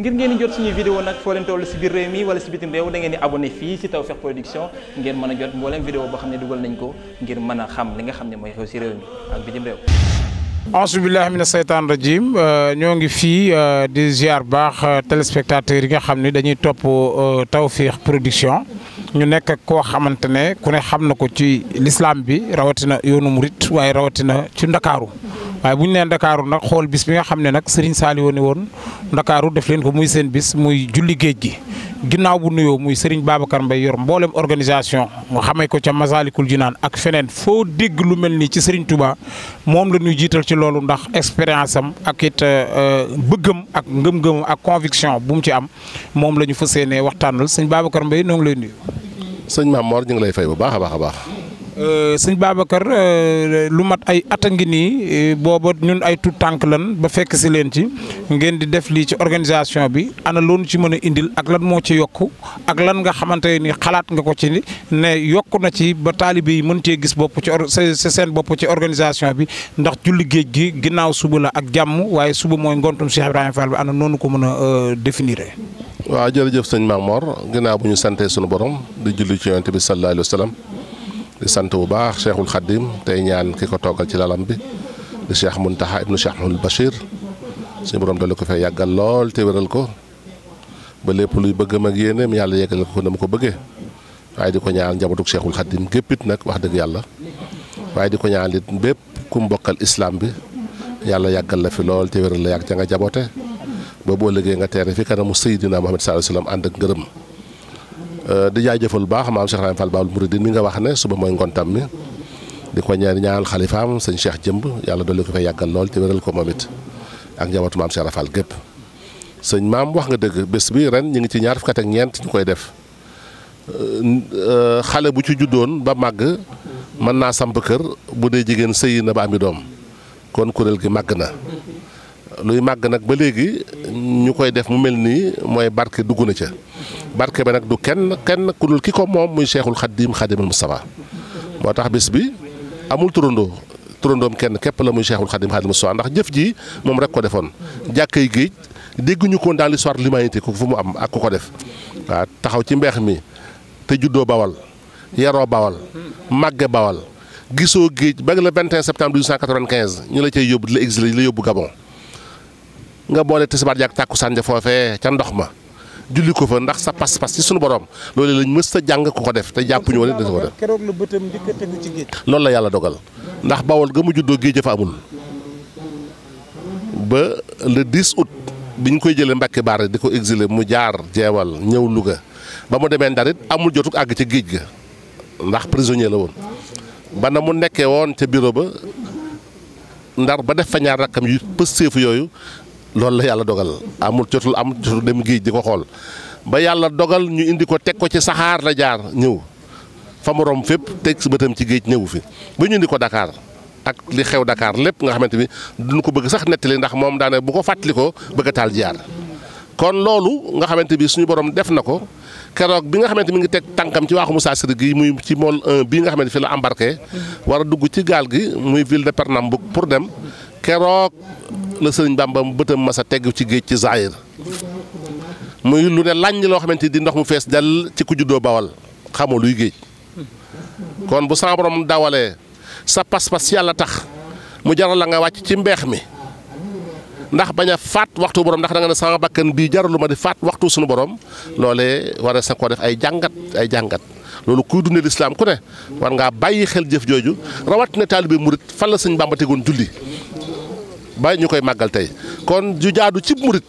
ngir ngeen di jot suñuy vidéo nag foo leen toll si biir réew mi wala si bitim réew da ngeen di abonné fii si Tawfekh Production ngeen mën a jot mboolem vidéo boo xam ne dugal nañ ko ngir mën a xam li nga xam ne mooy xew si réew mi ak bitim réew. mi mina seytaan rajim euh, ñoo ngi fii euh, di ziar baax euh, téléspectateurs yi nga xam ne dañuy topp Tawfekh Production ñu nekk koo xamante ne ku ne xam na ko ci l'islam bi rawatina yoonu murit waaye rawatina ci ndakaaru waaye bu ñu nee ndakaaru nag xool bis bi nga xam ne nag Serigne Saliou ne woon ndakaaru def leen ko muy seen bis muy julli géej gi ginnaaw bu nuyoo muy Serigne Babacar Mbaye yor mboolem organisation nga xamee ko ca Masalikul naan ak feneen foo dégg lu mel nii ci Serigne Touba moom la ñuy jiital ci loolu ndax expérience am ak it euh, bëggam ak ngëm-ngëmam ak conviction bu mu ci am moom la ñu fas yéenee waxtaanal sëñ Babacar mbay noo ngi lay sëñ Maam Mor ñu ngi lay fay bu baax a baax baax. Euh, sëñ Babacar euh, lu mat ay at a ngi nii euh, booba ñun ay tout tànk lan ba fekk si leen ci ngeen di def lii ci organisation bi ana loonu ci mën a indil ak lan moo ci yokk ak lan nga xamante nii xalaat nga ko ci ne yokk na ci ba taalibe yi mën cee gis bopp ci seen bopp ci organisation bi ndax julli géej gi ginnaaw suba la ak jàmm waaye suba mooy ngontum Cheikh Ibrahima Fall bi ana noonu ko mën a définir. waaw jërëjëf sëñ Mamor ginnaaw bu ñu santee sunu borom di julli ci yonent bi sallallahu alayhi di sant bu baax seexul Khadim tey ñaan ki ko toggal ci lalam bi di Cheikh Muntaha ibnu Cheikh Mouhamadoul Bachir suñu borom dala ko fee yàggal lool te wéral ko ba lépp luy bëggam mag yéeneem yàlla yeggal ko na ma ko bëggee waaye di ko ñaan njabootu Cheikhul Khadim géppit nag wax dëgg yàlla waaye di ko ñaan bépp ku mbokkal islaam bi yàlla yàggal la fi lool te wéral la yàgg ca nga jaboote ba boo liggéey nga teere fi kanamu Seydina Muhammad sallallahu alayhi wa sallam ànd ak ngërëm Euh, di jaajëfal bu baax maam Cheikh Ibrahima Fall Baabul Muridiin mi nga wax ne suba mooy ngontam mi di ko ñaan ñaanal xalifaam sëñ Cheikh jëmb yàlla dolli ko fay yàggal lool te wéral ko moom it ak njabootu maam Cheikh Ibrahima Fall gépp sëñ maam wax nga dëgg bés bi ren ñu ngi ci ñaar fukk ak ñeent ñu koy def euh, euh, xale bu ci juddoon ba màgg mën naa samp kër bu dee jigéen sëy na ba ami doom kon kuréel gi màgg na luy màgg nag ba léegi ñu koy def mu mel nii mooy barke dugg na ca barke ba nag du kenn kenn ku ki ko moom muy seexul Cheikhul Khadim Khadimul Moustapha moo tax bis bi amul turandoo turandoom kenn képp la muy seexul Cheikhul Khadim Khadimul Moustapha ndax jëf ji moom rek ko defoon jàkkay géej dégguñu ko dans l'histoire de l'humanité ku fu mu am ak ku ko def waaw taxaw ci mbeex mi te juddoo bawal yaroo bawal màgge bawal gisoo géej ba le 21 septembre 1895 ñu la cay yóbbu nga boole tisbaar ja tàkku tàkkusaan ja foofee ca ndox ma julli ko fa ndax sa pas-pas ci sunu borom loolu lañ mës sa jàng ko ko def te jàpp ñu wala a def a tegu ci géej loolu la yàlla dogal ndax bawol ga mu juddoo géej dafa amul ba le 10 août bi ñu koy jëlee Mbàkke Baar di ko exilé mu jaar jeewal ñëw Louga ba mu demee Ndar amul jotuk àgg ca géej ga ndax prisonnier la woon ba na mu nekkee woon ca bureau ba Ndar ba def fa ñaar rakkam yu pësteefu yooyu loolu la yàlla dogal amul jotul amul jotul dem géej di ko xool ba yàlla dogal ñu indi ko teg ko ci saxaar la jaar ñëw fa mu fépp teg si bëtam ci géej ñëwu fi bu ñu indi ko Dakar ak li xew Dakar lépp nga xamante ni duñ ko bëgg sax nettali ndax moom daanee bu ko fàttali ko bëgg taal jaar kon loolu nga xamante bi suñu borom def na ko keroog bi nga xamante mi ngi teg tànkam ci waaxu Moussa Sir gi muy ci mool 1 bii nga xamante fi la embarqué war a dugg ci gaal gi muy ville de Pernambouc pour dem keroog la mu Bàmba ma sa tegu ci géej ci zaayir muy lu ne làññ loo xamante di ndox mu fees dal ci ku juddoo bawal xamoo luy géej kon bu sa borom dawalee sa pas-pas yàlla tax mu jaral la nga wàcc ci mbeex mi ndax bañ a faat waxtu borom ndax da nga ne sama bakkan bii jaralu ma di faat waxtu suñu borom loolee war na sa koo def ay jàngat ay jàngat loolu kuy dundee lislaam ku ne war ngaa bàyyi xel jëf jooju rawatina taalibe murit fan la sëñ Bàmba tegoon julli ba ñu koy màggal tey kon ju jaadu ci murit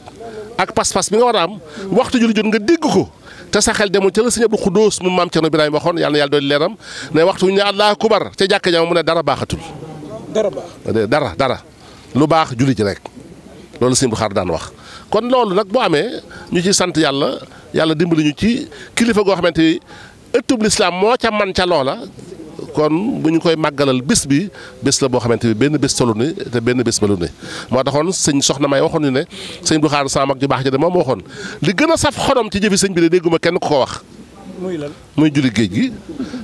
ak pas-pas bi nga war a am waxtu julli jot nga dégg ko te sa xel demul ca la sëñ Abdu Xudoos mu maam Cerno Birahim waxoon yàlla yàlla doon leeram ne waxtu ñu ne Allaahu akbar ca jàkka ja mu ne dara baaxatul. dara dara dara lu baax julli ji rek loolu si bu xaar daan wax. kon loolu nag boo amee ñu ci sant yàlla yàlla dimbali ñu ci kilifa goo xamante ni ëttub lislaam moo ca man ca loola kon bu ñu koy màggalal bés bi bés la boo xamante ni benn bés talu ni te benn bés balu ni moo taxoon sëñ soxna may waxoon ñu ne sëñ bu xaar sama mag ju baax ji de moom waxoon li gën a saf xorom ci jëfi sëñ bi de dégguma kenn ku ko wax muy lan muy julli géej gi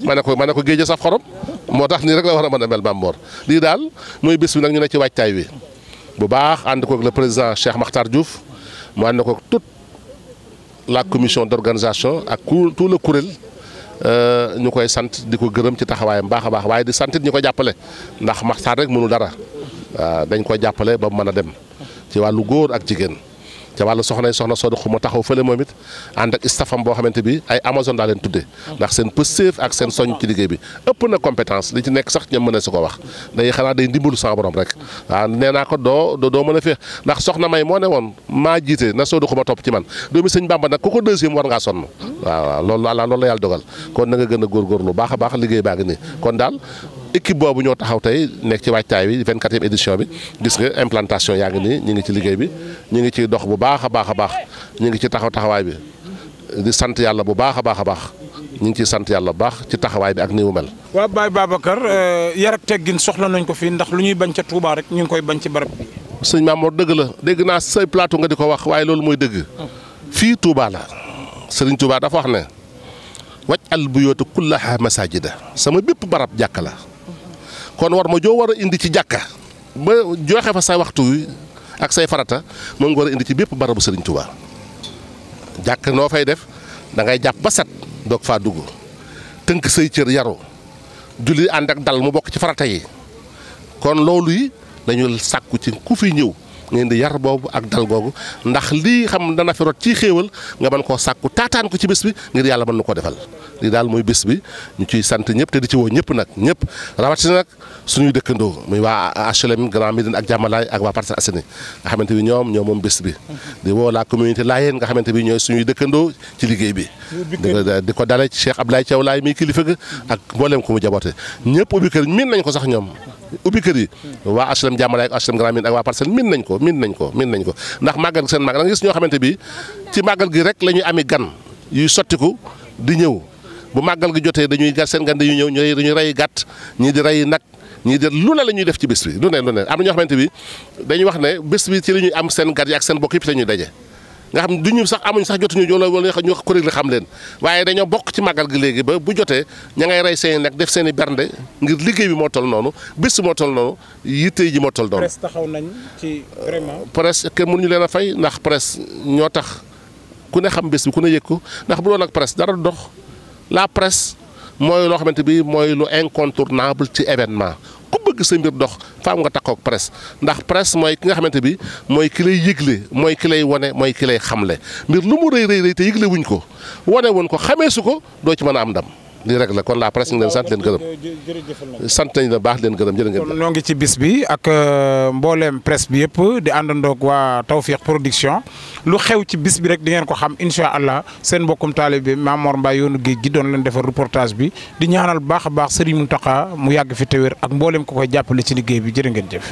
ma ne ma ne ko géej saf xorom moo tax nii rek la war a mën a mel Mamor lii daal muy bis bi nag ñu ne ci waajtaay wi bu baax ànd kook le président Cheikh Makhtar Diouf mu ànd koog toute la commission d'organisation ak tout le kuréel Euh, ñu koy sant di ko gërëm ci taxawaayam baax a baax waaye di santit ñi ko jàppale ndax maxtaan rek mënu dara waaw dañ ko jàppale ba mu mën a dem ci wàllu góor ak jigéen ca wàllu soxna soxna Sodou Khouma taxaw fële moom it ànd ak istafam boo xamante bi ay amazon daa leen tuddee ndax seen pëstéef ak seen soñ ci liggéey bi ëpp na compétence li ci nekk sax ñoom mën na si ko wax day xanaa day ndimbalu sa borom rek waaw nee naa ko doo doo mën a féex ndax soxna may moo ne woon maa jiite na Sodou Khouma topp ci man doomi sëñ Bàmba nag ku ko deuxième war ngaa sonn waaw loolu la loolu la yàlla dogal kon na nga gën a lu baax a baax liggéey baa ngi nii équipe boobu ñoo taxaw tey nekk ci waajtaay bi 24e édition bi gis nga implantation yaa ngi nii ñu ngi ci liggéey bi ñu ngi ci dox bu baax a baax a baax ñu ngi ci taxaw taxawaay bi di sant yàlla bu baax a baax a baax ñu ngi ciy sant yàlla bu baax ci taxawaay bi ak ni mu mel. waaw Baye Babacar eh, yar ak teggin soxla nañ ko fii ndax lu ñuy bañ ca Touba rek ñu ngi koy bañ ci barab bi. sëñ Mamour dëgg la dégg naa say plateau nga di ko wax waaye loolu mooy dëgg fii Touba la Serigne Touba dafa wax ne waj al bu yoote kullaha masajida sama bépp barab jàkka la kon war ma joo war a indi ci jàkka ba joxe fa sa waxtu wi ak say farata moom nga war a indi ci bépp barabu Sëriñ Tuubaa jàkk noo fay def da ngay jàpp ba set doog faa dugg tënk say cër yaru julli ànd ak dal mu bokk ci farata yi kon loolu yi dañu sàkku ci ku fi ñëw ngeen di yar boobu ak dal googu ndax lii xam dana fi rot ci xéewal nga man koo sàkku taataan ko ci bés bi ngir yàlla man na koo defal lii daal muy bés bi ñu ciy sant ñëpp te di ci woo ñëpp nag ñëpp rawatina nag suñuy dëkkandoo muy waa HLM Grand Médine ak Diamalaye ak waa Parcelles Assainies nga xamante bi ñoom ñoo moom bi di woo la communauté Layène nga xamante bi ñooy suñuy dëkkandoo ci liggéey bi di ko dale Cheikh Abdoulaye Thiaw Laye mi kilifa ga ak ko mu jaboote ñëpp ubbi kër miin ko sax ñoom ubbi kër yi waa HLM Jàmmalaay ak HLM Grand Médine ak waa Parcelles min nañ ko min nañ ko min nañ ko ndax màggal seen màggal da nga gis ñoo xamante bi ci màggal gi rek la ñuy ami gan yuy sottiku di ñëw bu màggal gi jotee dañuy gar seen gan dañuy ñëw ñooy dañuy rey gàtt ñii di rey nag ñii di lu ne la ñuy def ci bis bi lu ne lu ne am na ñoo xamante bi dañuy wax ne bés bi ci la ñuy am seen gan yi ak seen bokk yëpp la ñuy daje nga xam du ñu sax amuñ sax jotuñu ñoo la wala ñu kuréel la xam leen waaye dañoo bokk ci magal gi léegi ba bu jotee ña ngay rey seen nag def seen i bernde ngir liggéey bi moo toll noonu bés moo toll noonu yitte ji moo toll noonu. presse taxaw nañ ci vraiment. presse kenn leen a fay ndax presse ñoo tax ku ne xam bés bi ku ne yëg ko ndax bu doon ak presse dara dox la presse mooy loo xamante bi mooy lu incontournable ci événement. ku bëgg sa mbir dox faam nga takkook presse ndax presse mooy ki nga xamante bi mooy ki lay yëgle mooy ki lay wane mooy ki lay xamle mbir lu mu rëy rëy rëy te yëgle wuñ ko wane wuñ ko xamee su ko doo ci mën a am ndam lii rek la kon la presse ñu ngi leen sant leen gërëm sant nañ la baax leen gërëm jërë ngeen kon ñoo ci bis bi ak euh, mbooleem presse bi yëpp di àndandoog waa taw Tawfekh Production lu xew ci bis bi rek di ngeen ko xam incha allah seen mbokkum taalibe Mamor Mbaye yoonu géej gi doon leen defar reportage bi di ñaanal baax a baax Serigne Mountakha mu yàgg fi te wér ak mbooleem ko koy jàppale ci liggéey bi jërë ngeen jëf